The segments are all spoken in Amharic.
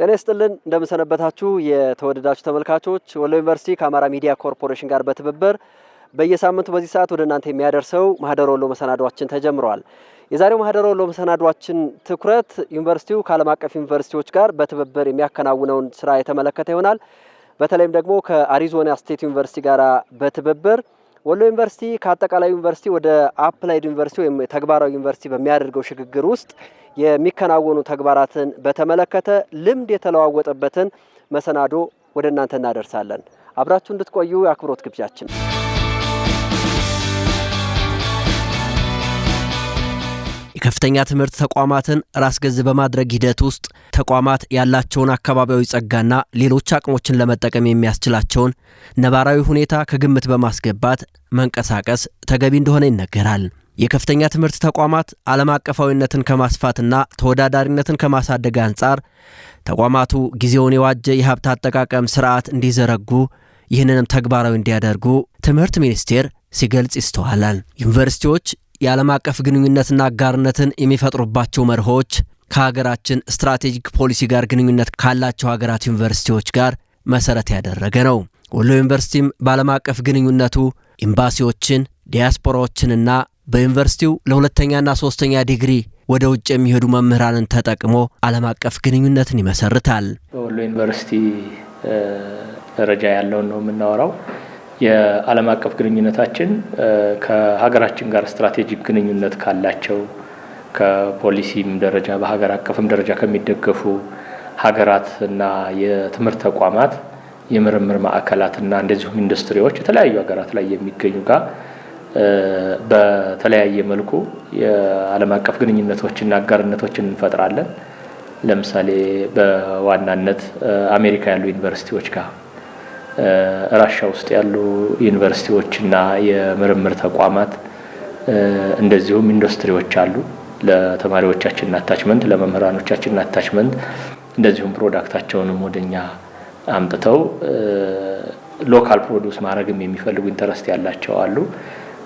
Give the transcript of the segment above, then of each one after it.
ጤና ይስጥልን እንደምንሰነበታችሁ የተወደዳችሁ ተመልካቾች፣ ወሎ ዩኒቨርሲቲ ከአማራ ሚዲያ ኮርፖሬሽን ጋር በትብብር በየሳምንቱ በዚህ ሰዓት ወደ እናንተ የሚያደርሰው ማህደር ወሎ መሰናዷችን ተጀምሯል። የዛሬው ማህደር ወሎ መሰናዷችን ትኩረት ዩኒቨርሲቲው ከዓለም አቀፍ ዩኒቨርሲቲዎች ጋር በትብብር የሚያከናውነውን ስራ የተመለከተ ይሆናል። በተለይም ደግሞ ከአሪዞና ስቴት ዩኒቨርሲቲ ጋር በትብብር ወሎ ዩኒቨርሲቲ ከአጠቃላይ ዩኒቨርሲቲ ወደ አፕላይድ ዩኒቨርሲቲ ወይም ተግባራዊ ዩኒቨርሲቲ በሚያደርገው ሽግግር ውስጥ የሚከናወኑ ተግባራትን በተመለከተ ልምድ የተለዋወጠበትን መሰናዶ ወደ እናንተ እናደርሳለን። አብራችሁ እንድትቆዩ የአክብሮት ግብዣችን የከፍተኛ ትምህርት ተቋማትን ራስ ገዝ በማድረግ ሂደት ውስጥ ተቋማት ያላቸውን አካባቢያዊ ጸጋና ሌሎች አቅሞችን ለመጠቀም የሚያስችላቸውን ነባራዊ ሁኔታ ከግምት በማስገባት መንቀሳቀስ ተገቢ እንደሆነ ይነገራል። የከፍተኛ ትምህርት ተቋማት ዓለም አቀፋዊነትን ከማስፋትና ተወዳዳሪነትን ከማሳደግ አንጻር ተቋማቱ ጊዜውን የዋጀ የሀብት አጠቃቀም ስርዓት እንዲዘረጉ ይህንንም ተግባራዊ እንዲያደርጉ ትምህርት ሚኒስቴር ሲገልጽ ይስተዋላል። ዩኒቨርሲቲዎች የዓለም አቀፍ ግንኙነትና አጋርነትን የሚፈጥሩባቸው መርሆች ከሀገራችን ስትራቴጂክ ፖሊሲ ጋር ግንኙነት ካላቸው ሀገራት ዩኒቨርሲቲዎች ጋር መሰረት ያደረገ ነው። ወሎ ዩኒቨርሲቲም በዓለም አቀፍ ግንኙነቱ ኤምባሲዎችን፣ ዲያስፖራዎችንና በዩኒቨርሲቲው ለሁለተኛና ሶስተኛ ዲግሪ ወደ ውጭ የሚሄዱ መምህራንን ተጠቅሞ ዓለም አቀፍ ግንኙነትን ይመሰርታል። በወሎ ዩኒቨርሲቲ ደረጃ ያለውን ነው የምናወራው። የዓለም አቀፍ ግንኙነታችን ከሀገራችን ጋር ስትራቴጂክ ግንኙነት ካላቸው ከፖሊሲም ደረጃ በሀገር አቀፍም ደረጃ ከሚደገፉ ሀገራት እና የትምህርት ተቋማት የምርምር ማዕከላት እና እንደዚሁም ኢንዱስትሪዎች የተለያዩ ሀገራት ላይ የሚገኙ ጋር በተለያየ መልኩ የዓለም አቀፍ ግንኙነቶችና አጋርነቶችን እንፈጥራለን። ለምሳሌ በዋናነት አሜሪካ ያሉ ዩኒቨርሲቲዎች ጋር ራሻ ውስጥ ያሉ ዩኒቨርሲቲዎችና የምርምር ተቋማት እንደዚሁም ኢንዱስትሪዎች አሉ። ለተማሪዎቻችን አታችመንት ለመምህራኖቻችን አታችመንት እንደዚሁም ፕሮዳክታቸውንም ወደኛ አምጥተው ሎካል ፕሮዲውስ ማድረግም የሚፈልጉ ኢንተረስት ያላቸው አሉ።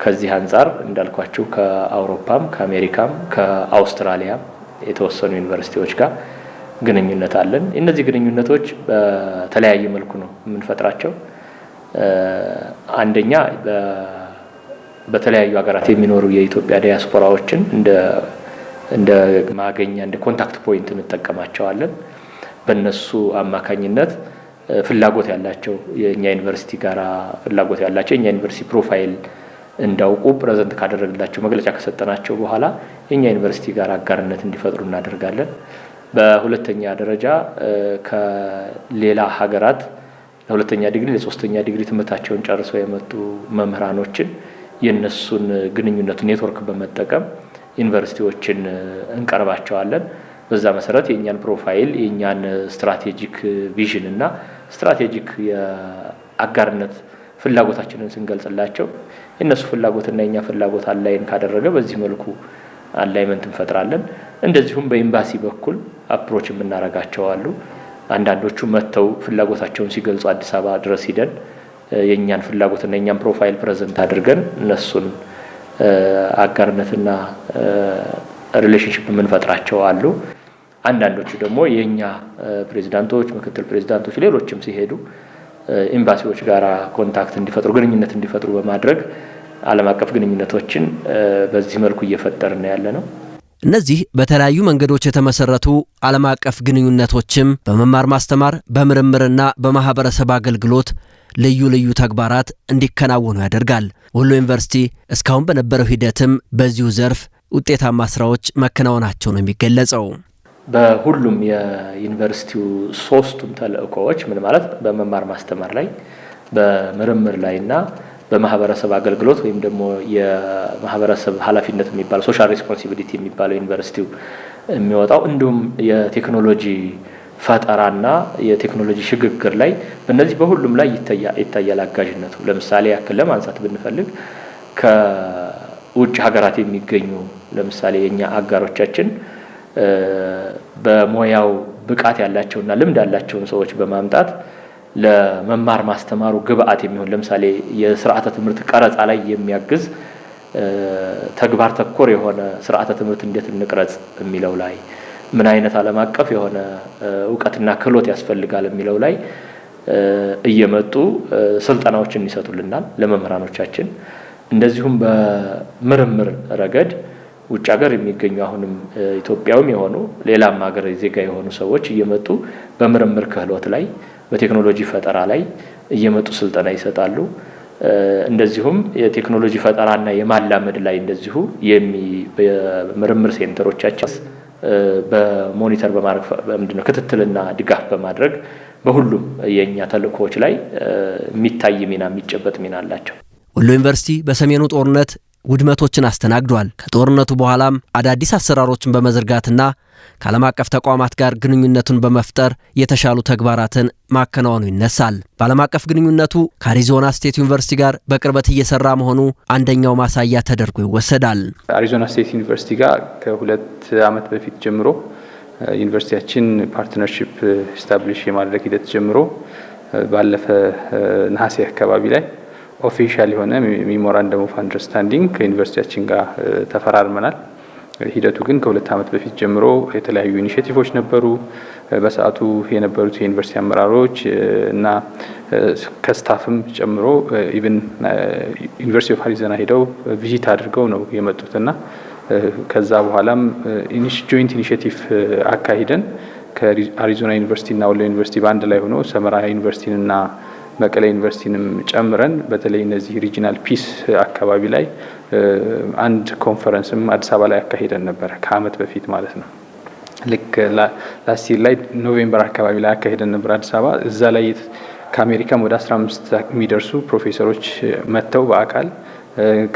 ከዚህ አንጻር እንዳልኳችሁ ከአውሮፓም ከአሜሪካም ከአውስትራሊያም የተወሰኑ ዩኒቨርሲቲዎች ጋር ግንኙነት አለን። እነዚህ ግንኙነቶች በተለያየ መልኩ ነው የምንፈጥራቸው። አንደኛ በተለያዩ ሀገራት የሚኖሩ የኢትዮጵያ ዲያስፖራዎችን እንደ ማገኛ እንደ ኮንታክት ፖይንት እንጠቀማቸዋለን። በእነሱ አማካኝነት ፍላጎት ያላቸው የእኛ ዩኒቨርሲቲ ጋር ፍላጎት ያላቸው የእኛ ዩኒቨርሲቲ ፕሮፋይል እንዳውቁ ፕሬዘንት ካደረግላቸው መግለጫ ከሰጠናቸው በኋላ የእኛ ዩኒቨርሲቲ ጋር አጋርነት እንዲፈጥሩ እናደርጋለን። በሁለተኛ ደረጃ ከሌላ ሀገራት ለሁለተኛ ዲግሪ ለሶስተኛ ዲግሪ ትምህርታቸውን ጨርሰው የመጡ መምህራኖችን የእነሱን ግንኙነቱ ኔትወርክ በመጠቀም ዩኒቨርሲቲዎችን እንቀርባቸዋለን። በዛ መሰረት የእኛን ፕሮፋይል የእኛን ስትራቴጂክ ቪዥን እና ስትራቴጂክ የአጋርነት ፍላጎታችንን ስንገልጽላቸው የእነሱ ፍላጎትና የእኛ ፍላጎት አላይን ካደረገ በዚህ መልኩ አላይመንት እንፈጥራለን። እንደዚሁም በኤምባሲ በኩል አፕሮች የምናረጋቸው አሉ። አንዳንዶቹ መጥተው ፍላጎታቸውን ሲገልጹ አዲስ አበባ ድረስ ሂደን የእኛን ፍላጎትና የእኛን ፕሮፋይል ፕሬዘንት አድርገን እነሱን አጋርነትና ሪሌሽንሽፕ የምንፈጥራቸው አሉ። አንዳንዶቹ ደግሞ የእኛ ፕሬዚዳንቶች፣ ምክትል ፕሬዚዳንቶች፣ ሌሎችም ሲሄዱ ኤምባሲዎች ጋር ኮንታክት እንዲፈጥሩ ግንኙነት እንዲፈጥሩ በማድረግ ዓለም አቀፍ ግንኙነቶችን በዚህ መልኩ እየፈጠርን ያለ ነው። እነዚህ በተለያዩ መንገዶች የተመሰረቱ ዓለም አቀፍ ግንኙነቶችም በመማር ማስተማር፣ በምርምርና በማህበረሰብ አገልግሎት ልዩ ልዩ ተግባራት እንዲከናወኑ ያደርጋል። ወሎ ዩኒቨርሲቲ እስካሁን በነበረው ሂደትም በዚሁ ዘርፍ ውጤታማ ስራዎች መከናወናቸው ነው የሚገለጸው። በሁሉም የዩኒቨርሲቲው ሶስቱም ተልእኮዎች ምን ማለት በመማር ማስተማር ላይ በምርምር ላይና በማህበረሰብ አገልግሎት ወይም ደግሞ የማህበረሰብ ኃላፊነት የሚባለው ሶሻል ሬስፖንሲቢሊቲ የሚባለው ዩኒቨርሲቲው የሚወጣው እንዲሁም የቴክኖሎጂ ፈጠራና የቴክኖሎጂ ሽግግር ላይ በእነዚህ በሁሉም ላይ ይታያል አጋዥነቱ። ለምሳሌ ያክል ለማንሳት ብንፈልግ ከውጭ ሀገራት የሚገኙ ለምሳሌ የእኛ አጋሮቻችን በሙያው ብቃት ያላቸውና ልምድ ያላቸውን ሰዎች በማምጣት ለመማር ማስተማሩ ግብአት የሚሆን ለምሳሌ የስርዓተ ትምህርት ቀረጻ ላይ የሚያግዝ ተግባር ተኮር የሆነ ስርዓተ ትምህርት እንዴት እንቅረጽ የሚለው ላይ ምን አይነት ዓለም አቀፍ የሆነ እውቀትና ክህሎት ያስፈልጋል የሚለው ላይ እየመጡ ስልጠናዎችን ይሰጡልናል ለመምህራኖቻችን። እንደዚሁም በምርምር ረገድ ውጭ ሀገር የሚገኙ አሁንም ኢትዮጵያውም የሆኑ ሌላም ሀገር ዜጋ የሆኑ ሰዎች እየመጡ በምርምር ክህሎት ላይ በቴክኖሎጂ ፈጠራ ላይ እየመጡ ስልጠና ይሰጣሉ። እንደዚሁም የቴክኖሎጂ ፈጠራና የማላመድ ላይ እንደዚሁ የምርምር ሴንተሮቻችን በሞኒተር በማድረግ ምንድነው ክትትልና ድጋፍ በማድረግ በሁሉም የእኛ ተልእኮዎች ላይ የሚታይ ሚና የሚጨበጥ ሚና አላቸው። ወሎ ዩኒቨርሲቲ በሰሜኑ ጦርነት ውድመቶችን አስተናግዷል። ከጦርነቱ በኋላም አዳዲስ አሰራሮችን በመዘርጋትና ከዓለም አቀፍ ተቋማት ጋር ግንኙነቱን በመፍጠር የተሻሉ ተግባራትን ማከናወኑ ይነሳል። በዓለም አቀፍ ግንኙነቱ ከአሪዞና ስቴት ዩኒቨርሲቲ ጋር በቅርበት እየሰራ መሆኑ አንደኛው ማሳያ ተደርጎ ይወሰዳል። አሪዞና ስቴት ዩኒቨርሲቲ ጋር ከሁለት ዓመት በፊት ጀምሮ ዩኒቨርሲቲያችን ፓርትነርሽፕ ስታብሊሽ የማድረግ ሂደት ጀምሮ ባለፈ ነሐሴ አካባቢ ላይ ኦፊሻል የሆነ ሜሞራንደም ኦፍ አንደርስታንዲንግ ከዩኒቨርሲቲያችን ጋር ተፈራርመናል። ሂደቱ ግን ከሁለት ዓመት በፊት ጀምሮ የተለያዩ ኢኒሽቲቮች ነበሩ። በሰዓቱ የነበሩት የዩኒቨርሲቲ አመራሮች እና ከስታፍም ጨምሮ ኢቨን ዩኒቨርሲቲ ኦፍ አሪዞና ሄደው ቪዚት አድርገው ነው የመጡት እና ከዛ በኋላም ጆይንት ኢኒሽቲቭ አካሂደን ከአሪዞና ዩኒቨርሲቲ እና ወሎ ዩኒቨርሲቲ በአንድ ላይ ሆኖ ሰመራ ዩኒቨርሲቲንና መቀሌ ዩኒቨርሲቲንም ጨምረን በተለይ እነዚህ ሪጂናል ፒስ አካባቢ ላይ አንድ ኮንፈረንስም አዲስ አበባ ላይ አካሂደን ነበረ ከአመት በፊት ማለት ነው። ልክ ላስቲር ላይ ኖቬምበር አካባቢ ላይ አካሂደን ነበር አዲስ አበባ። እዛ ላይ ከአሜሪካም ወደ 15 የሚደርሱ ፕሮፌሰሮች መጥተው በአካል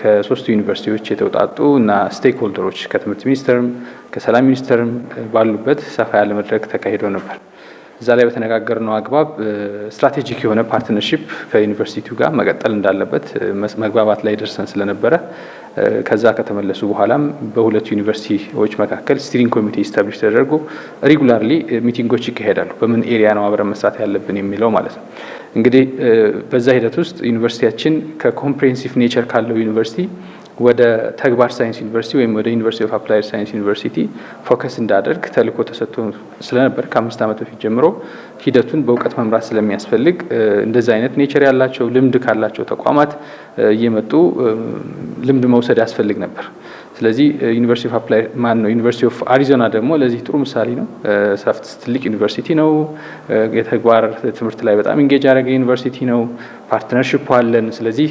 ከሶስቱ ዩኒቨርሲቲዎች የተውጣጡ እና ስቴክ ሆልደሮች ከትምህርት ሚኒስቴርም ከሰላም ሚኒስቴርም ባሉበት ሰፋ ያለ መድረክ ተካሂዶ ነበር። እዛ ላይ ነው አግባብ ስትራቴጂክ የሆነ ፓርትነርሺፕ ከዩኒቨርሲቲው ጋር መቀጠል እንዳለበት መግባባት ላይ ደርሰን ስለነበረ ከዛ ከተመለሱ በኋላም በሁለቱ ዩኒቨርሲቲዎች መካከል ስቲሪንግ ኮሚቴ ስታብሊሽ ተደርጎ ሪጉላርሊ ሚቲንጎች ይካሄዳሉ። በምን ኤሪያ ነው አብረን መስራት ያለብን የሚለው ማለት ነው። እንግዲህ በዛ ሂደት ውስጥ ዩኒቨርሲቲያችን ከኮምፕሬሄንሲቭ ኔቸር ካለው ዩኒቨርሲቲ ወደ ተግባር ሳይንስ ዩኒቨርሲቲ ወይም ወደ ዩኒቨርሲቲ ኦፍ አፕላይድ ሳይንስ ዩኒቨርሲቲ ፎከስ እንዳደርግ ተልእኮ ተሰጥቶ ስለነበር ከአምስት ዓመት በፊት ጀምሮ ሂደቱን በእውቀት መምራት ስለሚያስፈልግ እንደዚህ አይነት ኔቸር ያላቸው ልምድ ካላቸው ተቋማት እየመጡ ልምድ መውሰድ ያስፈልግ ነበር። ስለዚህ ዩኒቨርሲቲ ኦፍ አፕላይ ማን ነው? ዩኒቨርሲቲ ኦፍ አሪዞና ደግሞ ለዚህ ጥሩ ምሳሌ ነው። ትልቅ ዩኒቨርሲቲ ነው። የተግባር ትምህርት ላይ በጣም ኢንጌጅ ያደረገ ዩኒቨርሲቲ ነው። ፓርትነርሽፕ አለን። ስለዚህ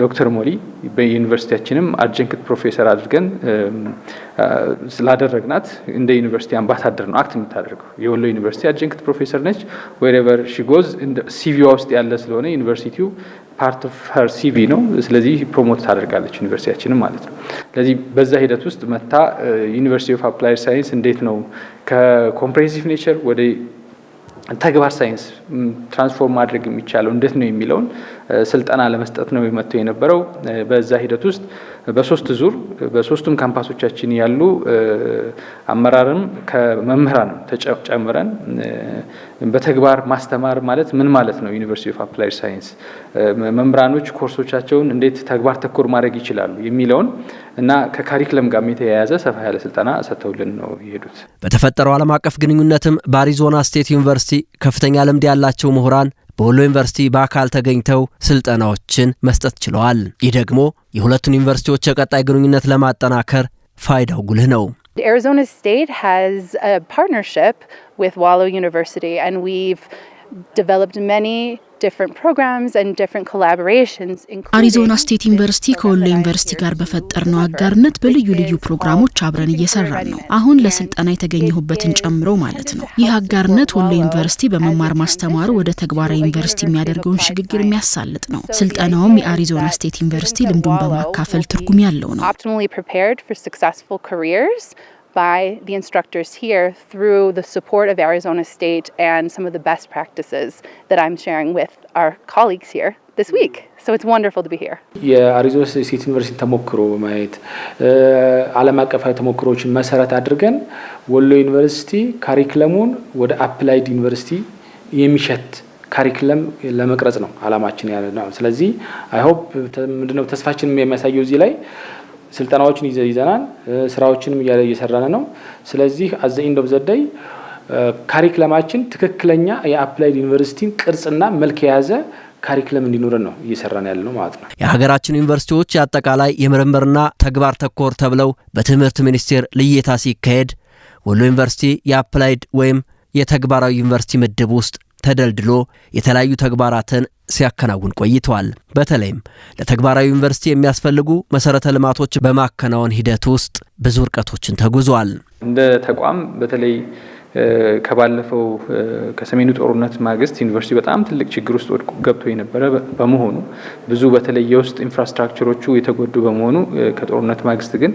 ዶክተር ሞሊ በዩኒቨርሲቲያችንም አጀንክት ፕሮፌሰር አድርገን ስላደረግናት እንደ ዩኒቨርሲቲ አምባሳደር ነው አክት የምታደርገው። የወሎ ዩኒቨርሲቲ አጀንክት ፕሮፌሰር ነች። ወሬቨር ሺጎዝ ሲቪዋ ውስጥ ያለ ስለሆነ ዩኒቨርሲቲው ፓርት ኦፍ ሀር ሲቪ ነው። ስለዚህ ፕሮሞት ታደርጋለች ዩኒቨርሲቲያችንም ማለት ነው። ስለዚህ በዛ ሂደት ውስጥ መታ ዩኒቨርሲቲ ኦፍ አፕላይድ ሳይንስ እንዴት ነው ከኮምፕሬሲቭ ኔቸር ወደ ተግባር ሳይንስ ትራንስፎርም ማድረግ የሚቻለው እንዴት ነው የሚለውን ስልጠና ለመስጠት ነው የመጥተው የነበረው። በዛ ሂደት ውስጥ በሶስት ዙር በሶስቱም ካምፓሶቻችን ያሉ አመራርም ከመምህራን ተጨምረን በተግባር ማስተማር ማለት ምን ማለት ነው? ዩኒቨርሲቲ ኦፍ አፕላይድ ሳይንስ መምህራኖች ኮርሶቻቸውን እንዴት ተግባር ተኮር ማድረግ ይችላሉ የሚለውን እና ከካሪክለም ጋር የተያያዘ ሰፋ ያለ ስልጠና ሰጥተውልን ነው የሄዱት። በተፈጠረው ዓለም አቀፍ ግንኙነትም በአሪዞና ስቴት ዩኒቨርሲቲ ከፍተኛ ልምድ ያላቸው ምሁራን በወሎ ዩኒቨርሲቲ በአካል ተገኝተው ስልጠናዎችን መስጠት ችለዋል። ይህ ደግሞ የሁለቱን ዩኒቨርሲቲዎች የቀጣይ ግንኙነት ለማጠናከር ፋይዳው ጉልህ ነው። Arizona State has a partnership with Wallow University and we've developed many አሪዞና ስቴት ዩኒቨርሲቲ ከወሎ ዩኒቨርሲቲ ጋር በፈጠርነው አጋርነት በልዩ ልዩ ፕሮግራሞች አብረን እየሰራን ነው። አሁን ለስልጠና የተገኘሁበትን ጨምሮ ማለት ነው። ይህ አጋርነት ወሎ ዩኒቨርሲቲ በመማር ማስተማሩ ወደ ተግባራዊ ዩኒቨርሲቲ የሚያደርገውን ሽግግር የሚያሳልጥ ነው። ስልጠናውም የአሪዞና ስቴት ዩኒቨርሲቲ ልምዱን በማካፈል ትርጉም ያለው ነው። by the instructors here through the support of Arizona State and some of the best practices that I'm sharing with our colleagues here this week. So it's wonderful to be here. የአሪዞና ስቴት ዩኒቨርሲቲ ተሞክሮ በማየት ዓለም አቀፋዊ ተሞክሮዎችን መሰረት አድርገን ወሎ ዩኒቨርሲቲ ካሪክለሙን ወደ አፕላይድ ዩኒቨርሲቲ የሚሸት ካሪክለም ለመቅረጽ ነው አላማችን ያለ ነው። ስለዚህ አይሆፕ ምንድነው ተስፋችን የሚያሳየው እዚህ ላይ ስልጠናዎችን ይዘናል። ስራዎችንም እየሰራን ነው። ስለዚህ አዘ ኢንድ ኦፍ ካሪክለማችን ትክክለኛ የአፕላይድ ዩኒቨርሲቲን ቅርጽና መልክ የያዘ ካሪክለም እንዲኖረን ነው እየሰራን ያለ ነው ማለት ነው። የሀገራችን ዩኒቨርሲቲዎች አጠቃላይ የምርምርና ተግባር ተኮር ተብለው በትምህርት ሚኒስቴር ልየታ ሲካሄድ ወሎ ዩኒቨርሲቲ የአፕላይድ ወይም የተግባራዊ ዩኒቨርሲቲ ምድብ ውስጥ ተደልድሎ የተለያዩ ተግባራትን ሲያከናውን ቆይተዋል። በተለይም ለተግባራዊ ዩኒቨርሲቲ የሚያስፈልጉ መሰረተ ልማቶች በማከናወን ሂደት ውስጥ ብዙ እርቀቶችን ተጉዟል። እንደ ተቋም በተለይ ከባለፈው ከሰሜኑ ጦርነት ማግስት ዩኒቨርሲቲ በጣም ትልቅ ችግር ውስጥ ወድቆ ገብቶ የነበረ በመሆኑ ብዙ በተለይ የውስጥ ኢንፍራስትራክቸሮቹ የተጎዱ በመሆኑ ከጦርነት ማግስት ግን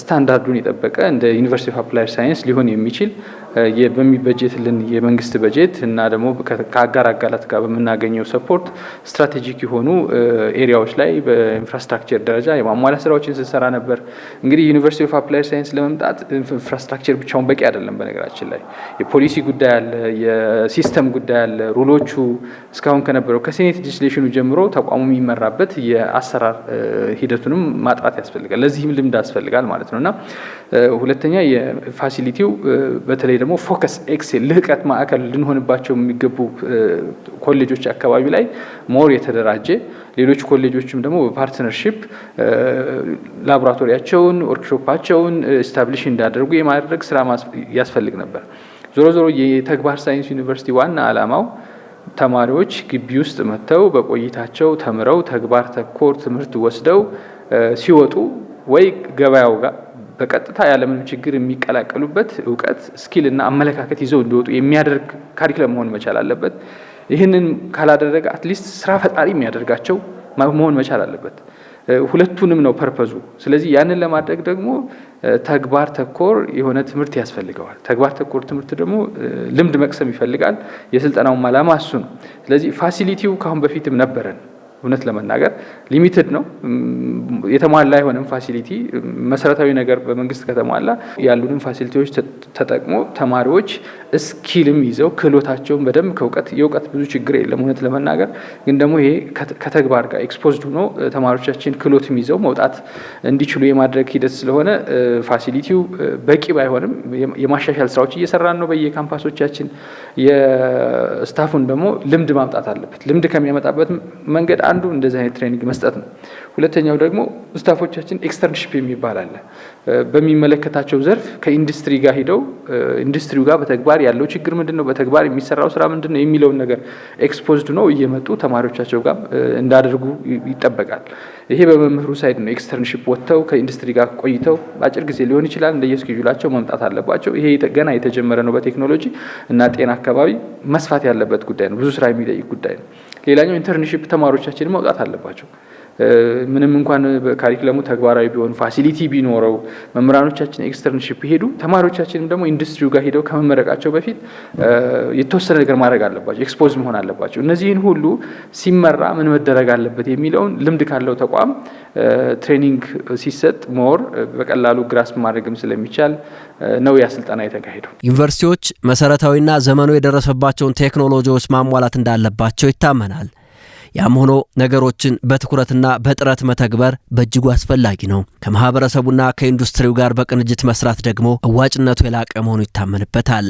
ስታንዳርዱን የጠበቀ እንደ ዩኒቨርሲቲ ኦፍ አፕላይድ ሳይንስ ሊሆን የሚችል በሚበጀትልን የመንግስት በጀት እና ደግሞ ከአጋር አጋላት ጋር በምናገኘው ሰፖርት ስትራቴጂክ የሆኑ ኤሪያዎች ላይ በኢንፍራስትራክቸር ደረጃ የማሟላት ስራዎችን ስንሰራ ነበር። እንግዲህ ዩኒቨርሲቲ ኦፍ አፕላይድ ሳይንስ ለመምጣት ኢንፍራስትራክቸር ብቻውን በቂ አይደለም። በነገራችን ላይ የፖሊሲ ጉዳይ አለ፣ የሲስተም ጉዳይ አለ። ሩሎቹ እስካሁን ከነበረው ከሴኔት ሌጅስሌሽኑ ጀምሮ ተቋሙ የሚመራበት የአሰራር ሂደቱንም ማጥራት ያስፈልጋል። ለዚህም ልምድ ያስፈልጋል ማለት ነው እና ሁለተኛ የፋሲሊቲው በተለይ ደግሞ ፎከስ ኤክሴል ልህቀት ማዕከል ልንሆንባቸው የሚገቡ ኮሌጆች አካባቢ ላይ ሞር የተደራጀ ሌሎች ኮሌጆችም ደግሞ በፓርትነርሺፕ ላቦራቶሪያቸውን ወርክሾፓቸውን ስታብሊሽ እንዳደርጉ የማድረግ ስራ ያስፈልግ ነበር። ዞሮ ዞሮ የተግባር ሳይንስ ዩኒቨርሲቲ ዋና ዓላማው ተማሪዎች ግቢ ውስጥ መጥተው በቆይታቸው ተምረው ተግባር ተኮር ትምህርት ወስደው ሲወጡ ወይ ገበያው ጋር በቀጥታ ያለምንም ችግር የሚቀላቀሉበት እውቀት ስኪልና አመለካከት ይዘው እንዲወጡ የሚያደርግ ካሪክለም መሆን መቻል አለበት። ይህንን ካላደረገ አትሊስት ስራ ፈጣሪ የሚያደርጋቸው መሆን መቻል አለበት። ሁለቱንም ነው ፐርፐዙ። ስለዚህ ያንን ለማድረግ ደግሞ ተግባር ተኮር የሆነ ትምህርት ያስፈልገዋል። ተግባር ተኮር ትምህርት ደግሞ ልምድ መቅሰም ይፈልጋል። የስልጠናውም ዓላማ እሱ ነው። ስለዚህ ፋሲሊቲው ከአሁን በፊትም ነበረን እውነት ለመናገር ሊሚትድ ነው፣ የተሟላ አይሆንም። ፋሲሊቲ መሰረታዊ ነገር በመንግስት ከተሟላ ያሉንም ፋሲሊቲዎች ተጠቅሞ ተማሪዎች እስኪልም ይዘው ክህሎታቸውን በደንብ ከእውቀት የእውቀት ብዙ ችግር የለም እውነት ለመናገር ግን ደግሞ ይሄ ከተግባር ጋር ኤክስፖዝድ ሆኖ ተማሪዎቻችን ክህሎትም ይዘው መውጣት እንዲችሉ የማድረግ ሂደት ስለሆነ ፋሲሊቲው በቂ ባይሆንም የማሻሻል ስራዎች እየሰራን ነው በየካምፓሶቻችን። የስታፉን ደግሞ ልምድ ማምጣት አለበት። ልምድ ከሚያመጣበት መንገድ አንዱ እንደዚህ አይነት ትሬኒንግ መስጠት ነው። ሁለተኛው ደግሞ ስታፎቻችን ኤክስተርንሽፕ የሚባል አለ። በሚመለከታቸው ዘርፍ ከኢንዱስትሪ ጋር ሂደው ኢንዱስትሪው ጋር በተግባር ያለው ችግር ምንድን ነው፣ በተግባር የሚሰራው ስራ ምንድን ነው የሚለውን ነገር ኤክስፖዝድ ነው እየመጡ ተማሪዎቻቸው ጋር እንዳደርጉ ይጠበቃል። ይሄ በመምህሩ ሳይድ ነው። ኤክስተርንሽፕ ወጥተው ከኢንዱስትሪ ጋር ቆይተው በአጭር ጊዜ ሊሆን ይችላል የስኪጁላቸው መምጣት አለባቸው። ይሄ ገና የተጀመረ ነው በቴክኖሎጂ እና ጤና አካባቢ መስፋት ያለበት ጉዳይ ነው። ብዙ ስራ የሚጠይቅ ጉዳይ ነው። ሌላኛው ኢንተርንሺፕ ተማሪዎቻችን መውጣት አለባቸው። ምንም እንኳን ካሪክለሙ ተግባራዊ ቢሆን ፋሲሊቲ ቢኖረው መምህራኖቻችን ኤክስተርንሽፕ ሄዱ፣ ተማሪዎቻችንም ደግሞ ኢንዱስትሪው ጋር ሄደው ከመመረቃቸው በፊት የተወሰነ ነገር ማድረግ አለባቸው፣ ኤክስፖዝ መሆን አለባቸው። እነዚህን ሁሉ ሲመራ ምን መደረግ አለበት የሚለውን ልምድ ካለው ተቋም ትሬኒንግ ሲሰጥ ሞር በቀላሉ ግራስ ማድረግም ስለሚቻል ነው ያ ስልጠና የተካሄደው። ዩኒቨርሲቲዎች መሰረታዊና ዘመኑ የደረሰባቸውን ቴክኖሎጂዎች ማሟላት እንዳለባቸው ይታመናል። ያም ሆኖ ነገሮችን በትኩረትና በጥረት መተግበር በእጅጉ አስፈላጊ ነው። ከማህበረሰቡና ከኢንዱስትሪው ጋር በቅንጅት መስራት ደግሞ እዋጭነቱ የላቀ መሆኑ ይታመንበታል።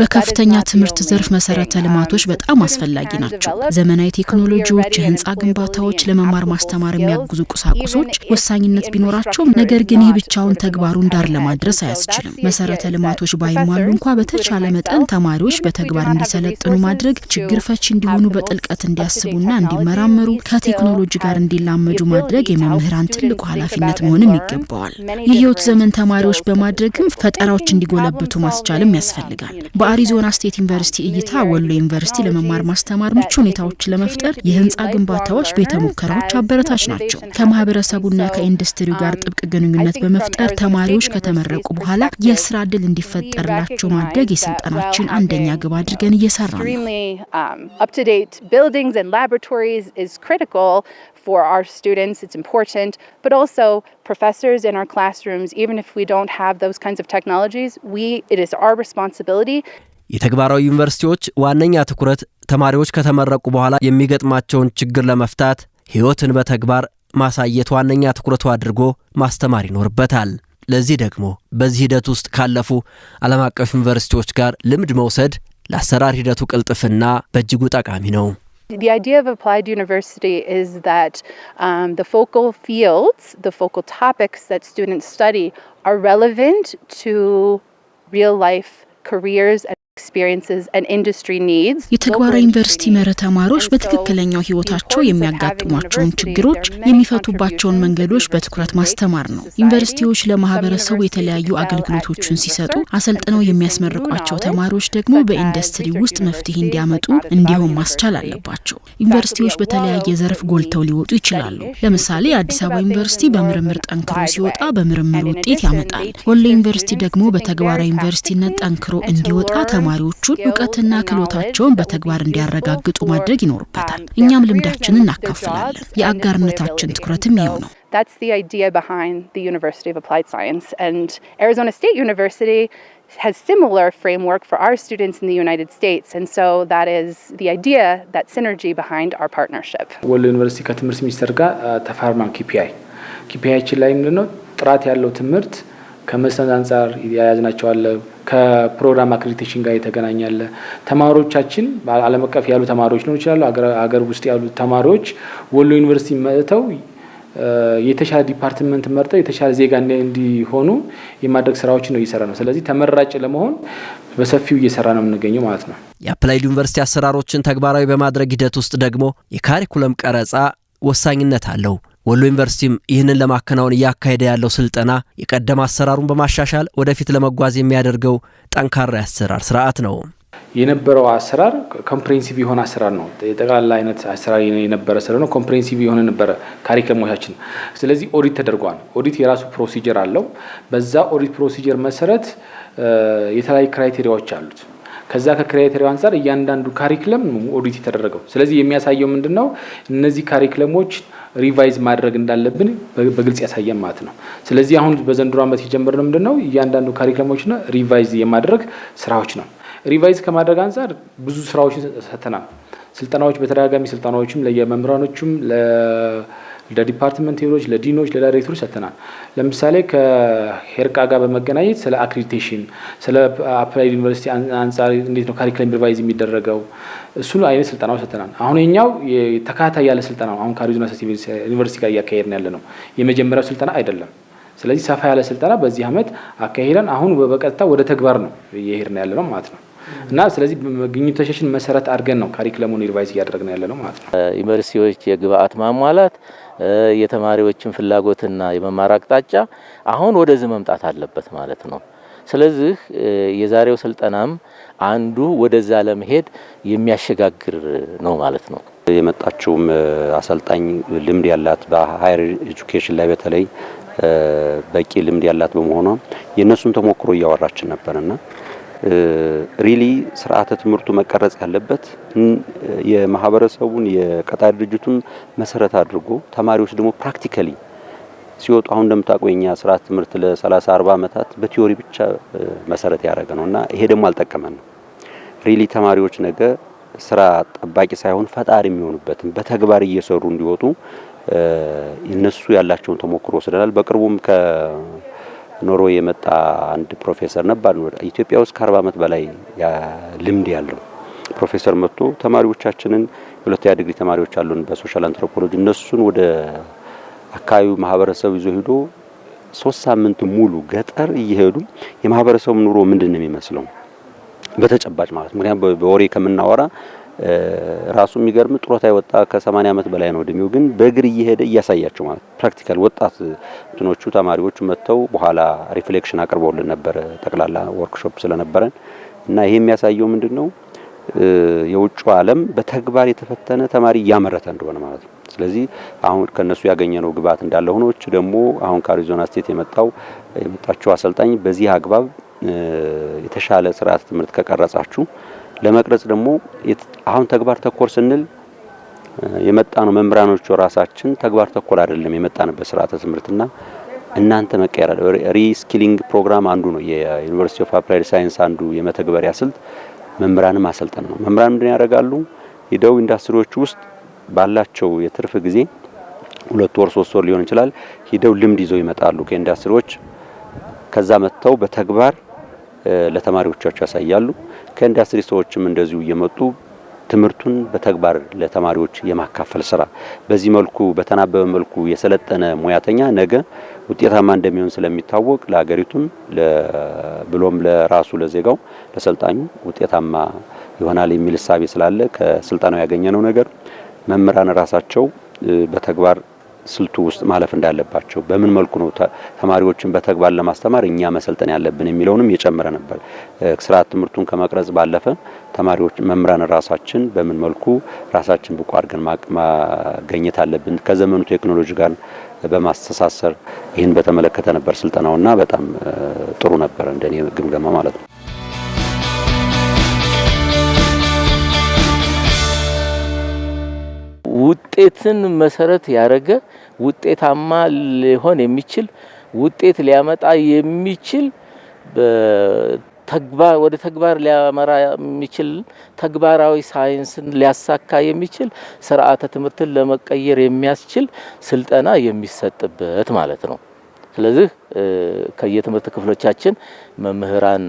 በከፍተኛ ትምህርት ዘርፍ መሰረተ um, ልማቶች በጣም አስፈላጊ ናቸው። ዘመናዊ ቴክኖሎጂዎች፣ የህንፃ ግንባታዎች፣ ለመማር ማስተማር የሚያግዙ ቁሳቁሶች ወሳኝነት ቢኖራቸው ነገር ግን ይህ ብቻውን ተግባሩን ዳር ለማድረስ አያስችልም። መሰረተ ልማቶች ባይሟሉ እንኳ በተቻለ መጠን ተማሪዎች በተግባር እንዲሰለጥኑ ማድረግ፣ ችግር ፈቺ እንዲሆኑ፣ በጥልቀት እንዲያስቡና እንዲመራመሩ፣ ከቴክኖሎጂ ጋር እንዲላመዱ ማድረግ የመምህራን ትልቁ ኃላፊነት መሆንም ይገባዋል። የህይወት ዘመን ተማሪዎች በማድረግም ፈጠራዎች እንዲጎለብቱ ማስቻልም ያስፈልጋል። በአሪዞና ስቴት ዩኒቨርሲቲ እይታ ወሎ ዩኒቨርሲቲ ለመማር ማስተማር ምቹ ሁኔታዎችን ለመፍጠር የህንፃ ግንባታዎች፣ ቤተ ሙከራዎች አበረታች ናቸው። ከማህበረሰቡና ከኢንዱስትሪው ጋር ጥብቅ ጥብቅ ግንኙነት በመፍጠር ተማሪዎች ከተመረቁ በኋላ የስራ እድል እንዲፈጠርላቸው ማድረግ uh, የስልጠናችን አንደኛ ግብ አድርገን እየሰራ ነው። um, የተግባራዊ ዩኒቨርሲቲዎች ዋነኛ ትኩረት ተማሪዎች ከተመረቁ በኋላ የሚገጥማቸውን ችግር ለመፍታት ሕይወትን በተግባር ማሳየት ዋነኛ ትኩረቱ አድርጎ ማስተማር ይኖርበታል። ለዚህ ደግሞ በዚህ ሂደት ውስጥ ካለፉ ዓለም አቀፍ ዩኒቨርሲቲዎች ጋር ልምድ መውሰድ ለአሰራር ሂደቱ ቅልጥፍና በእጅጉ ጠቃሚ ነው። The idea of applied university is that um, the focal fields, the focal topics that students study are relevant to real life careers. የተግባራዊ ዩኒቨርሲቲ መረ ተማሪዎች በትክክለኛው ህይወታቸው የሚያጋጥሟቸውን ችግሮች የሚፈቱባቸውን መንገዶች በትኩረት ማስተማር ነው። ዩኒቨርሲቲዎች ለማህበረሰቡ የተለያዩ አገልግሎቶችን ሲሰጡ፣ አሰልጥነው የሚያስመርቋቸው ተማሪዎች ደግሞ በኢንዱስትሪ ውስጥ መፍትሄ እንዲያመጡ እንዲሆን ማስቻል አለባቸው። ዩኒቨርሲቲዎች በተለያየ ዘርፍ ጎልተው ሊወጡ ይችላሉ። ለምሳሌ አዲስ አበባ ዩኒቨርሲቲ በምርምር ጠንክሮ ሲወጣ በምርምር ውጤት ያመጣል። ወሎ ዩኒቨርሲቲ ደግሞ በተግባራዊ ዩኒቨርሲቲነት ጠንክሮ እንዲወጣ ተማሪ ተማሪዎቹን እውቀትና ክህሎታቸውን በተግባር እንዲያረጋግጡ ማድረግ ይኖርበታል። እኛም ልምዳችንን እናካፍላለን። የአጋርነታችን ትኩረትም ይኸው ነው። That's the idea behind the University of Applied Science. And Arizona State University has similar framework for our students in the United States. And so that is the idea, that synergy behind our partnership. ወሎ ዩኒቨርሲቲ ከትምህርት ሚኒስቴር ጋር ተፋርማ ኪፒአይ ኪፒአያችን ላይ ምንድነው ጥራት ያለው ትምህርት ከመሰን አንጻር የያዝናቸው አለ። ከፕሮግራም አክሬዲቴሽን ጋር የተገናኛለ አለ። ተማሪዎቻችን ዓለም አቀፍ ያሉ ተማሪዎች ሊሆኑ ይችላሉ። አገር ውስጥ ያሉ ተማሪዎች ወሎ ዩኒቨርሲቲ መጥተው የተሻለ ዲፓርትመንት መርጠው የተሻለ ዜጋ እንዲሆኑ የማድረግ ስራዎችን ነው እየሰራ ነው። ስለዚህ ተመራጭ ለመሆን በሰፊው እየሰራ ነው የምንገኘው ማለት ነው። የአፕላይድ ዩኒቨርሲቲ አሰራሮችን ተግባራዊ በማድረግ ሂደት ውስጥ ደግሞ የካሪኩለም ቀረጻ ወሳኝነት አለው። ወሎ ዩኒቨርሲቲም ይህንን ለማከናወን እያካሄደ ያለው ስልጠና የቀደመ አሰራሩን በማሻሻል ወደፊት ለመጓዝ የሚያደርገው ጠንካራ የአሰራር ስርዓት ነው። የነበረው አሰራር ኮምፕሬንሲቭ የሆነ አሰራር ነው። የጠቅላላ አይነት አሰራር የነበረ ስለሆነ ኮምፕሬንሲቭ የሆነ ነበረ ካሪክለሞቻችን። ስለዚህ ኦዲት ተደርጓል። ኦዲት የራሱ ፕሮሲጀር አለው። በዛ ኦዲት ፕሮሲጀር መሰረት የተለያዩ ክራይቴሪያዎች አሉት። ከዛ ከክራይቴሪያው አንጻር እያንዳንዱ ካሪክለም ኦዲት የተደረገው። ስለዚህ የሚያሳየው ምንድን ነው? እነዚህ ካሪክለሞች ሪቫይዝ ማድረግ እንዳለብን በግልጽ ያሳየን ማለት ነው። ስለዚህ አሁን በዘንድሮ ዓመት የጀመርነው ምንድን ነው? እያንዳንዱ ካሪክለሞችን ሪቫይዝ የማድረግ ስራዎች ነው። ሪቫይዝ ከማድረግ አንጻር ብዙ ስራዎችን ሰተናል። ስልጠናዎች፣ በተደጋጋሚ ስልጠናዎችም ለየመምህራኖችም ለዲፓርትመንት ሄዶች፣ ለዲኖች፣ ለዳይሬክተሮች ሰጥተናል። ለምሳሌ ከሄርቃ ጋር በመገናኘት ስለ አክሬዲቴሽን ስለ አፕላይድ ዩኒቨርሲቲ አንጻር እንዴት ነው ካሪክለም ሪቫይዝ የሚደረገው እሱን አይነት ስልጠናው ሰጥተናል። አሁን የኛው ተከታታይ ያለ ስልጠና ነው። አሁን ከአሪዞና ስቴት ዩኒቨርሲቲ ጋር እያካሄድን ያለ ነው። የመጀመሪያው ስልጠና አይደለም። ስለዚህ ሰፋ ያለ ስልጠና በዚህ አመት አካሄደን አሁን በቀጥታ ወደ ተግባር ነው እየሄድን ያለ ነው ማለት ነው። እና ስለዚህ ግኝቶቻችን መሰረት አድርገን ነው ካሪክለሙን ሪቫይዝ እያደረግን ያለ ነው ማለት ነው። ዩኒቨርሲቲዎች የግብአት ማሟላት የተማሪዎችን ፍላጎትና የመማር አቅጣጫ አሁን ወደዚህ መምጣት አለበት ማለት ነው። ስለዚህ የዛሬው ስልጠናም አንዱ ወደዛ ለመሄድ የሚያሸጋግር ነው ማለት ነው። የመጣችውም አሰልጣኝ ልምድ ያላት በሀይር ኤጁኬሽን ላይ በተለይ በቂ ልምድ ያላት በመሆኗ የእነሱን ተሞክሮ እያወራችን ነበርና ሪሊ ስርዓተ ትምህርቱ መቀረጽ ያለበት የማህበረሰቡን የቀጣይ ድርጅቱን መሰረት አድርጎ ተማሪዎች ደግሞ ፕራክቲካሊ ሲወጡ አሁን እንደምታውቀው የኛ ስርዓተ ትምህርት ለ30 40 ዓመታት በቲዮሪ ብቻ መሰረት ያደረገ ነው እና ይሄ ደግሞ አልጠቀመን ነው። ሪሊ ተማሪዎች ነገ ስራ ጠባቂ ሳይሆን ፈጣሪ የሚሆኑበትን በተግባር እየሰሩ እንዲወጡ እነሱ ያላቸውን ተሞክሮ ወስደናል። በቅርቡም ከ ኖሮ የመጣ አንድ ፕሮፌሰር ነባር ኢትዮጵያ ውስጥ ከአርባ ዓመት በላይ ልምድ ያለው ፕሮፌሰር መጥቶ ተማሪዎቻችንን የሁለተኛ ዲግሪ ተማሪዎች አሉን በሶሻል አንትሮፖሎጂ እነሱን ወደ አካባቢው ማህበረሰብ ይዞ ሄዶ ሶስት ሳምንት ሙሉ ገጠር እየሄዱ የማህበረሰቡ ኑሮ ምንድን ነው የሚመስለው በተጨባጭ ማለት ምክንያቱም በወሬ ከምናወራ ራሱ የሚገርም ጡረታ የወጣ ከ80 ዓመት በላይ ነው እድሜው፣ ግን በእግር እየሄደ እያሳያቸው ማለት ፕራክቲካል ወጣት እንትኖቹ ተማሪዎቹ መጥተው በኋላ ሪፍሌክሽን አቅርበውልን ነበረ ጠቅላላ ወርክሾፕ ስለነበረን እና ይሄ የሚያሳየው ምንድን ነው የውጭ ዓለም በተግባር የተፈተነ ተማሪ እያመረተ እንደሆነ ማለት ነው። ስለዚህ አሁን ከነሱ ያገኘነው ግብዓት እንዳለ ሆኖች ደግሞ አሁን ከአሪዞና ስቴት የመጣው የመጣችው አሰልጣኝ በዚህ አግባብ የተሻለ ስርዓት ትምህርት ከቀረጻችሁ ለመቅረጽ ደግሞ አሁን ተግባር ተኮር ስንል የመጣ ነው። መምህራኖቹ ራሳችን ተግባር ተኮር አይደለም የመጣንበት ስርዓተ ትምህርትና እናንተ መቀየር ሪስኪሊንግ ፕሮግራም አንዱ ነው። የዩኒቨርሲቲ ኦፍ አፕላይድ ሳይንስ አንዱ የመተግበሪያ ስልት መምህራን ማሰልጠን ነው። መምህራን ምንድን ያደርጋሉ? ሂደው ኢንዱስትሪዎች ውስጥ ባላቸው የትርፍ ጊዜ ሁለት ወር ሶስት ወር ሊሆን ይችላል። ሂደው ልምድ ይዘው ይመጣሉ ከኢንዱስትሪዎች። ከዛ መጥተው በተግባር ለተማሪዎቻቸው ያሳያሉ። ከኢንዱስትሪ ሰዎችም እንደዚሁ እየመጡ ትምህርቱን በተግባር ለተማሪዎች የማካፈል ስራ በዚህ መልኩ በተናበበ መልኩ የሰለጠነ ሙያተኛ ነገ ውጤታማ እንደሚሆን ስለሚታወቅ ለሀገሪቱም ብሎም ለራሱ ለዜጋው ለሰልጣኙ ውጤታማ ይሆናል የሚል እሳቤ ስላለ ከስልጠናው ያገኘነው ነገር መምህራን ራሳቸው በተግባር ስልቱ ውስጥ ማለፍ እንዳለባቸው በምን መልኩ ነው ተማሪዎችን በተግባር ለማስተማር እኛ መሰልጠን ያለብን የሚለውንም የጨመረ ነበር። ስርዓት ትምህርቱን ከመቅረጽ ባለፈ ተማሪዎች መምህራን ራሳችን በምን መልኩ ራሳችን ብቁ አድርገን ማገኘት አለብን ከዘመኑ ቴክኖሎጂ ጋር በማስተሳሰር ይህን በተመለከተ ነበር ስልጠናውና በጣም ጥሩ ነበር እንደኔ ግምገማ ማለት ነው። ውጤትን መሰረት ያደረገ ውጤታማ ሊሆን የሚችል ውጤት ሊያመጣ የሚችል ተግባር ወደ ተግባር ሊያመራ የሚችል ተግባራዊ ሳይንስን ሊያሳካ የሚችል ስርዓተ ትምህርትን ለመቀየር የሚያስችል ስልጠና የሚሰጥበት ማለት ነው። ስለዚህ ከየትምህርት ክፍሎቻችን መምህራን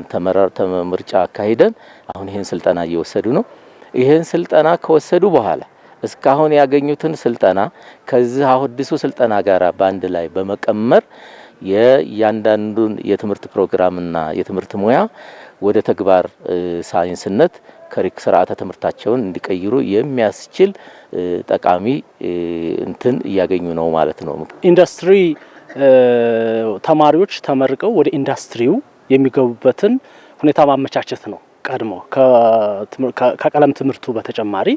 ምርጫ አካሂደን አሁን ይህን ስልጠና እየወሰዱ ነው። ይህን ስልጠና ከወሰዱ በኋላ እስካሁን ያገኙትን ስልጠና ከዚህ አዲሱ ስልጠና ጋር በአንድ ላይ በመቀመር የእያንዳንዱን የትምህርት ፕሮግራምና የትምህርት ሙያ ወደ ተግባር ሳይንስነት ከሪክ ስርዓተ ትምህርታቸውን እንዲቀይሩ የሚያስችል ጠቃሚ እንትን እያገኙ ነው ማለት ነው። ኢንዱስትሪ ተማሪዎች ተመርቀው ወደ ኢንዱስትሪው የሚገቡበትን ሁኔታ ማመቻቸት ነው። ቀድሞ ከቀለም ትምህርቱ በተጨማሪ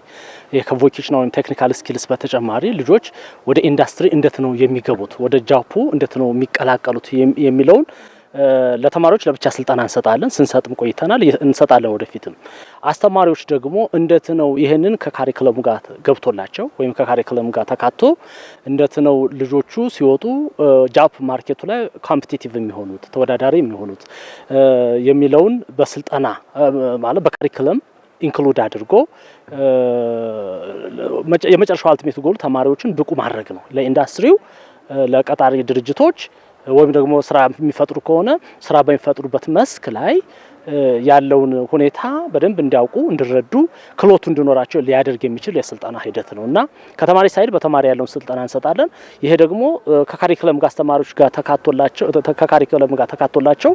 ከቮኬሽናል ወይም ቴክኒካል ስኪልስ በተጨማሪ ልጆች ወደ ኢንዱስትሪ እንዴት ነው የሚገቡት፣ ወደ ጃፑ እንዴት ነው የሚቀላቀሉት የሚለውን ለተማሪዎች ለብቻ ስልጠና እንሰጣለን። ስንሰጥም ቆይተናል፣ እንሰጣለን ወደፊትም። አስተማሪዎች ደግሞ እንደት ነው ይህንን ከካሪክለሙ ጋር ገብቶላቸው ወይም ከካሪክለሙ ጋር ተካቶ እንደት ነው ልጆቹ ሲወጡ ጃፕ ማርኬቱ ላይ ኮምፒቲቲቭ የሚሆኑት ተወዳዳሪ የሚሆኑት የሚለውን በስልጠና ማለት በካሪክለም ኢንክሉድ አድርጎ የመጨረሻው አልቲሜት ጎሉ ተማሪዎችን ብቁ ማድረግ ነው ለኢንዱስትሪው ለቀጣሪ ድርጅቶች ወይም ደግሞ ስራ የሚፈጥሩ ከሆነ ስራ በሚፈጥሩበት መስክ ላይ ያለውን ሁኔታ በደንብ እንዲያውቁ እንዲረዱ ክሎቱ እንዲኖራቸው ሊያደርግ የሚችል የስልጠና ሂደት ነው እና ከተማሪ ሳይድ በተማሪ ያለውን ስልጠና እንሰጣለን። ይሄ ደግሞ ከካሪክለም ጋር አስተማሪዎች ጋር ተካቶላቸው ከካሪክለም ጋር ተካቶላቸው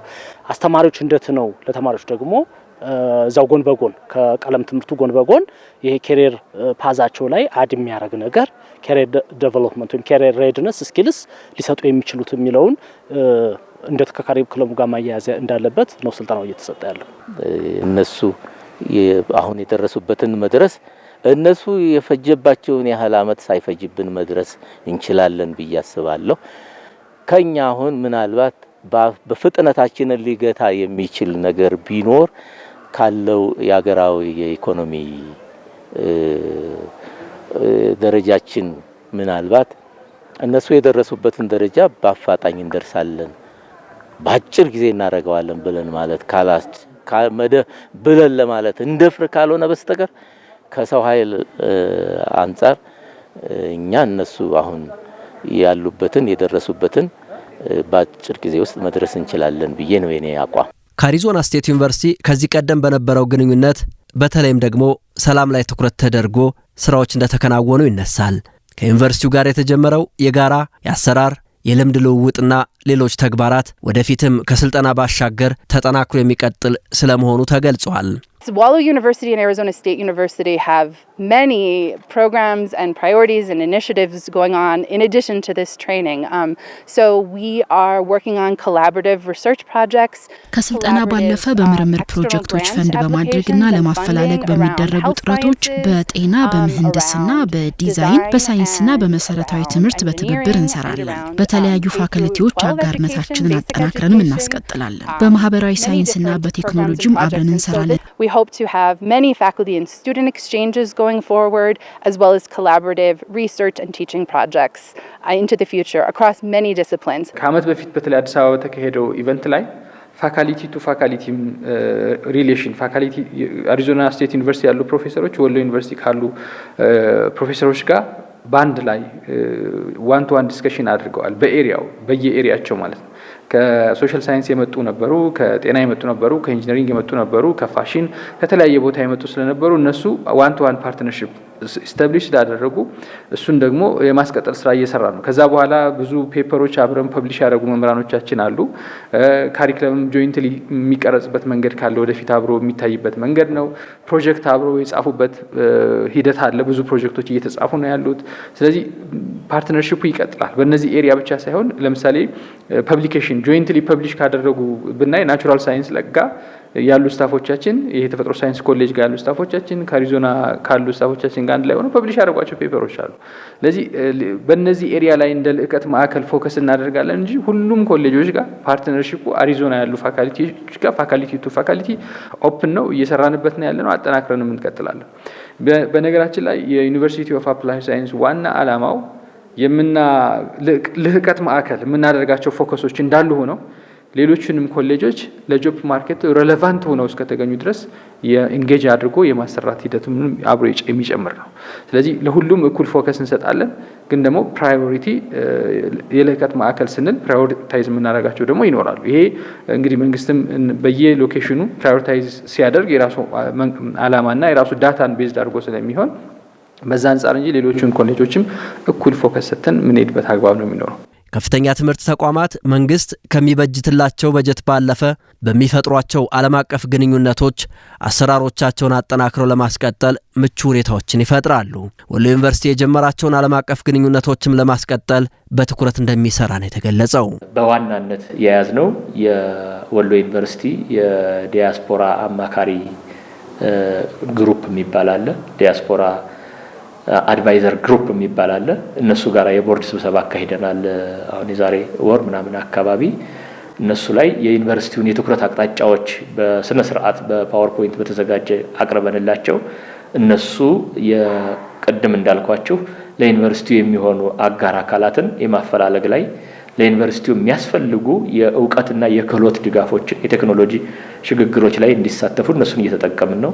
አስተማሪዎች እንዴት ነው ለተማሪዎች ደግሞ እዛው ጎን በጎን ከቀለም ትምህርቱ ጎን በጎን ይሄ ኬሪየር ፓዛቸው ላይ አድ የሚያደርግ ነገር ኬሪየር ዴቨሎፕመንት ወይም ኬሪየር ሬድነስ ስኪልስ ሊሰጡ የሚችሉት የሚለውን እንደ ተከካሪ ክለቡ ጋር ማያያዝ እንዳለበት ነው ስልጠናው እየተሰጠ ያለው። እነሱ አሁን የደረሱበትን መድረስ እነሱ የፈጀባቸውን ያህል አመት ሳይፈጅብን መድረስ እንችላለን ብዬ አስባለሁ። ከኛ አሁን ምናልባት በፍጥነታችንን ሊገታ የሚችል ነገር ቢኖር ካለው የሀገራዊ የኢኮኖሚ ደረጃችን ምናልባት እነሱ የደረሱበትን ደረጃ በአፋጣኝ እንደርሳለን፣ በአጭር ጊዜ እናደርገዋለን ብለን ማለት ካላች መደ ብለን ለማለት እንደፍር ካልሆነ በስተቀር ከሰው ኃይል አንጻር እኛ እነሱ አሁን ያሉበትን የደረሱበትን በአጭር ጊዜ ውስጥ መድረስ እንችላለን ብዬ ነው የኔ አቋም። ከአሪዞና ስቴት ዩኒቨርሲቲ ከዚህ ቀደም በነበረው ግንኙነት በተለይም ደግሞ ሰላም ላይ ትኩረት ተደርጎ ስራዎች እንደተከናወኑ ይነሳል። ከዩኒቨርሲቲው ጋር የተጀመረው የጋራ የአሰራር የልምድ ልውውጥና ሌሎች ተግባራት ወደፊትም ከስልጠና ባሻገር ተጠናክሮ የሚቀጥል ስለመሆኑ ተገልጿል። Wallow University and Arizona State University have many programs and priorities and initiatives going on in addition to this training. Um, so we are working on collaborative research projects. ከስልጠና ባለፈ በምርምር ፕሮጀክቶች ፈንድ በማድረግና ለማፈላለግ በሚደረጉ ጥረቶች በጤና፣ በምህንድስና፣ በዲዛይን፣ በሳይንስና በመሰረታዊ ትምህርት በትብብር እንሰራለን። በተለያዩ ፋክልቲዎች አጋርነታችንን አጠናክረንም እናስቀጥላለን። በማህበራዊ ሳይንስና በቴክኖሎጂም አብረን እንሰራለን። hope to have many faculty and student exchanges going forward, as well as collaborative research and teaching projects uh, into the future across many disciplines. ከዓመት በፊት በተለይ አዲስ አበባ በተካሄደው ኢቨንት ላይ ፋካሊቲ ቱ ፋካሊቲ ሪሌሽን ፋካሊቲ አሪዞና ስቴት ዩኒቨርሲቲ ያሉ ፕሮፌሰሮች ወሎ ዩኒቨርሲቲ ካሉ ፕሮፌሰሮች ጋር በአንድ ላይ ዋን ቱ ዋን ዲስከሽን አድርገዋል። በኤሪያው በየኤሪያቸው ማለት ነው። ከሶሻል ሳይንስ የመጡ ነበሩ፣ ከጤና የመጡ ነበሩ፣ ከኢንጂነሪንግ የመጡ ነበሩ፣ ከፋሽን ከተለያየ ቦታ የመጡ ስለነበሩ እነሱ ዋን ቱ ዋን ፓርትነርሽፕ ስታብሊሽ ስላደረጉ እሱን ደግሞ የማስቀጠል ስራ እየሰራ ነው። ከዛ በኋላ ብዙ ፔፐሮች አብረን ፐብሊሽ ያደረጉ መምህራኖቻችን አሉ። ካሪክለም ጆይንት የሚቀረጽበት መንገድ ካለ ወደፊት አብሮ የሚታይበት መንገድ ነው። ፕሮጀክት አብሮ የጻፉበት ሂደት አለ። ብዙ ፕሮጀክቶች እየተጻፉ ነው ያሉት። ስለዚህ ፓርትነርሽፑ ይቀጥላል። በእነዚህ ኤሪያ ብቻ ሳይሆን ለምሳሌ ፐብሊኬሽን ጆይንትሊ ፐብሊሽ ካደረጉ ብናይ ናቹራል ሳይንስ ለጋ ያሉ ስታፎቻችን ይሄ የተፈጥሮ ሳይንስ ኮሌጅ ጋር ያሉ ስታፎቻችን ከአሪዞና ካሉ ስታፎቻችን ጋር አንድ ላይ ሆነው ፐብሊሽ ያደርጓቸው ፔፐሮች አሉ። ስለዚህ በእነዚህ ኤሪያ ላይ እንደ ልዕቀት ማዕከል ፎከስ እናደርጋለን እንጂ ሁሉም ኮሌጆች ጋር ፓርትነርሺፑ አሪዞና ያሉ ፋካልቲዎች ጋር ፋካልቲ ቱ ፋካልቲ ኦፕን ነው፣ እየሰራንበት ነው ያለ ነው። አጠናክረንም እንቀጥላለን። በነገራችን ላይ የዩኒቨርሲቲ ኦፍ አፕላይ ሳይንስ ዋና አላማው የምና ልህቀት ማዕከል የምናደርጋቸው ፎከሶች እንዳሉ ሆነው ሌሎችንም ኮሌጆች ለጆብ ማርኬት ሬሌቫንት ሆነው እስከተገኙ ድረስ የኢንጌጅ አድርጎ የማሰራት ሂደቱን አብሮ የሚጨምር ነው። ስለዚህ ለሁሉም እኩል ፎከስ እንሰጣለን። ግን ደግሞ ፕራዮሪቲ የልህቀት ማዕከል ስንል ፕራዮሪታይዝ የምናደርጋቸው ደግሞ ይኖራሉ። ይሄ እንግዲህ መንግስትም በየሎኬሽኑ ፕራዮሪታይዝ ሲያደርግ የራሱ አላማና የራሱ ዳታን ቤዝድ አድርጎ ስለሚሆን በዛ አንጻር እንጂ ሌሎቹን ኮሌጆችም እኩል ፎከስ ሰተን ምንሄድበት አግባብ ነው የሚኖረው። ከፍተኛ ትምህርት ተቋማት መንግስት ከሚበጅትላቸው በጀት ባለፈ በሚፈጥሯቸው ዓለም አቀፍ ግንኙነቶች አሰራሮቻቸውን አጠናክረው ለማስቀጠል ምቹ ሁኔታዎችን ይፈጥራሉ። ወሎ ዩኒቨርሲቲ የጀመራቸውን ዓለም አቀፍ ግንኙነቶችም ለማስቀጠል በትኩረት እንደሚሰራ ነው የተገለጸው። በዋናነት የያዝነው የወሎ ዩኒቨርሲቲ የዲያስፖራ አማካሪ ግሩፕ የሚባል አለ። ዲያስፖራ አድቫይዘር ግሩፕ የሚባል አለ። እነሱ ጋር የቦርድ ስብሰባ አካሂደናል። አሁን የዛሬ ወር ምናምን አካባቢ እነሱ ላይ የዩኒቨርሲቲውን የትኩረት አቅጣጫዎች በስነ ስርዓት በፓወርፖይንት በተዘጋጀ አቅርበንላቸው እነሱ የቅድም እንዳልኳችሁ ለዩኒቨርሲቲው የሚሆኑ አጋር አካላትን የማፈላለግ ላይ ለዩኒቨርሲቲው የሚያስፈልጉ የእውቀትና የክህሎት ድጋፎችን የቴክኖሎጂ ሽግግሮች ላይ እንዲሳተፉ እነሱን እየተጠቀምን ነው።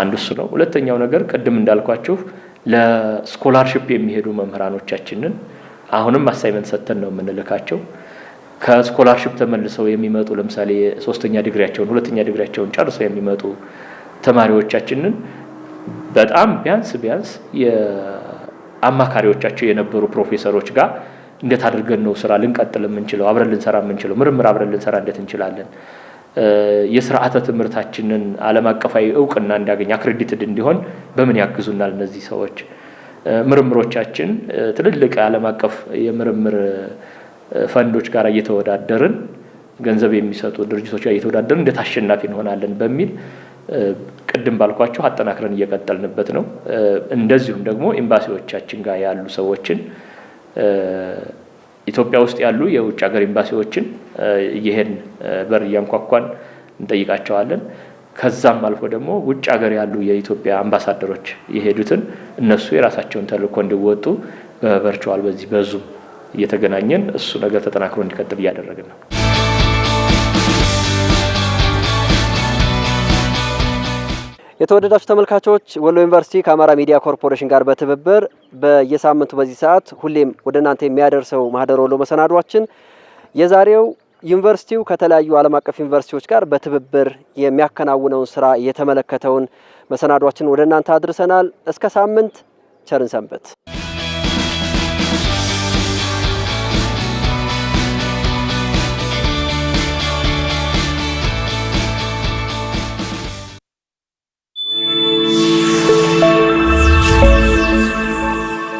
አንዱ እሱ ነው። ሁለተኛው ነገር ቅድም እንዳልኳችሁ ለስኮላርሽፕ የሚሄዱ መምህራኖቻችንን አሁንም አሳይመንት ሰጥተን ነው የምንልካቸው። ከስኮላርሽፕ ተመልሰው የሚመጡ ለምሳሌ ሶስተኛ ዲግሪያቸውን ሁለተኛ ዲግሪያቸውን ጨርሰው የሚመጡ ተማሪዎቻችንን በጣም ቢያንስ ቢያንስ የአማካሪዎቻቸው የነበሩ ፕሮፌሰሮች ጋር እንዴት አድርገን ነው ስራ ልንቀጥል የምንችለው? አብረን ልንሰራ የምንችለው ምርምር አብረን ልንሰራ እንዴት እንችላለን? የስርዓተ ትምህርታችንን ዓለም አቀፋዊ እውቅና እንዲያገኝ አክሬዲትድ እንዲሆን በምን ያግዙናል እነዚህ ሰዎች? ምርምሮቻችን ትልልቅ ዓለም አቀፍ የምርምር ፈንዶች ጋር እየተወዳደርን ገንዘብ የሚሰጡ ድርጅቶች ጋር እየተወዳደርን እንዴት አሸናፊ እንሆናለን በሚል ቅድም ባልኳቸው አጠናክረን እየቀጠልንበት ነው። እንደዚሁም ደግሞ ኤምባሲዎቻችን ጋር ያሉ ሰዎችን ኢትዮጵያ ውስጥ ያሉ የውጭ ሀገር ኤምባሲዎችን ይሄን በር እያንኳኳን እንጠይቃቸዋለን። ከዛም አልፎ ደግሞ ውጭ ሀገር ያሉ የኢትዮጵያ አምባሳደሮች የሄዱትን እነሱ የራሳቸውን ተልእኮ እንዲወጡ በቨርቹዋል በዚህ በዙም እየተገናኘን እሱ ነገር ተጠናክሮ እንዲቀጥል እያደረግን ነው። የተወደዳችሁ ተመልካቾች ወሎ ዩኒቨርሲቲ ከአማራ ሚዲያ ኮርፖሬሽን ጋር በትብብር በየሳምንቱ በዚህ ሰዓት ሁሌም ወደ እናንተ የሚያደርሰው ማህደር ወሎ መሰናዷችን የዛሬው ዩኒቨርሲቲው ከተለያዩ ዓለም አቀፍ ዩኒቨርሲቲዎች ጋር በትብብር የሚያከናውነውን ስራ የተመለከተውን መሰናዷችን ወደ እናንተ አድርሰናል። እስከ ሳምንት ቸርን ሰንበት።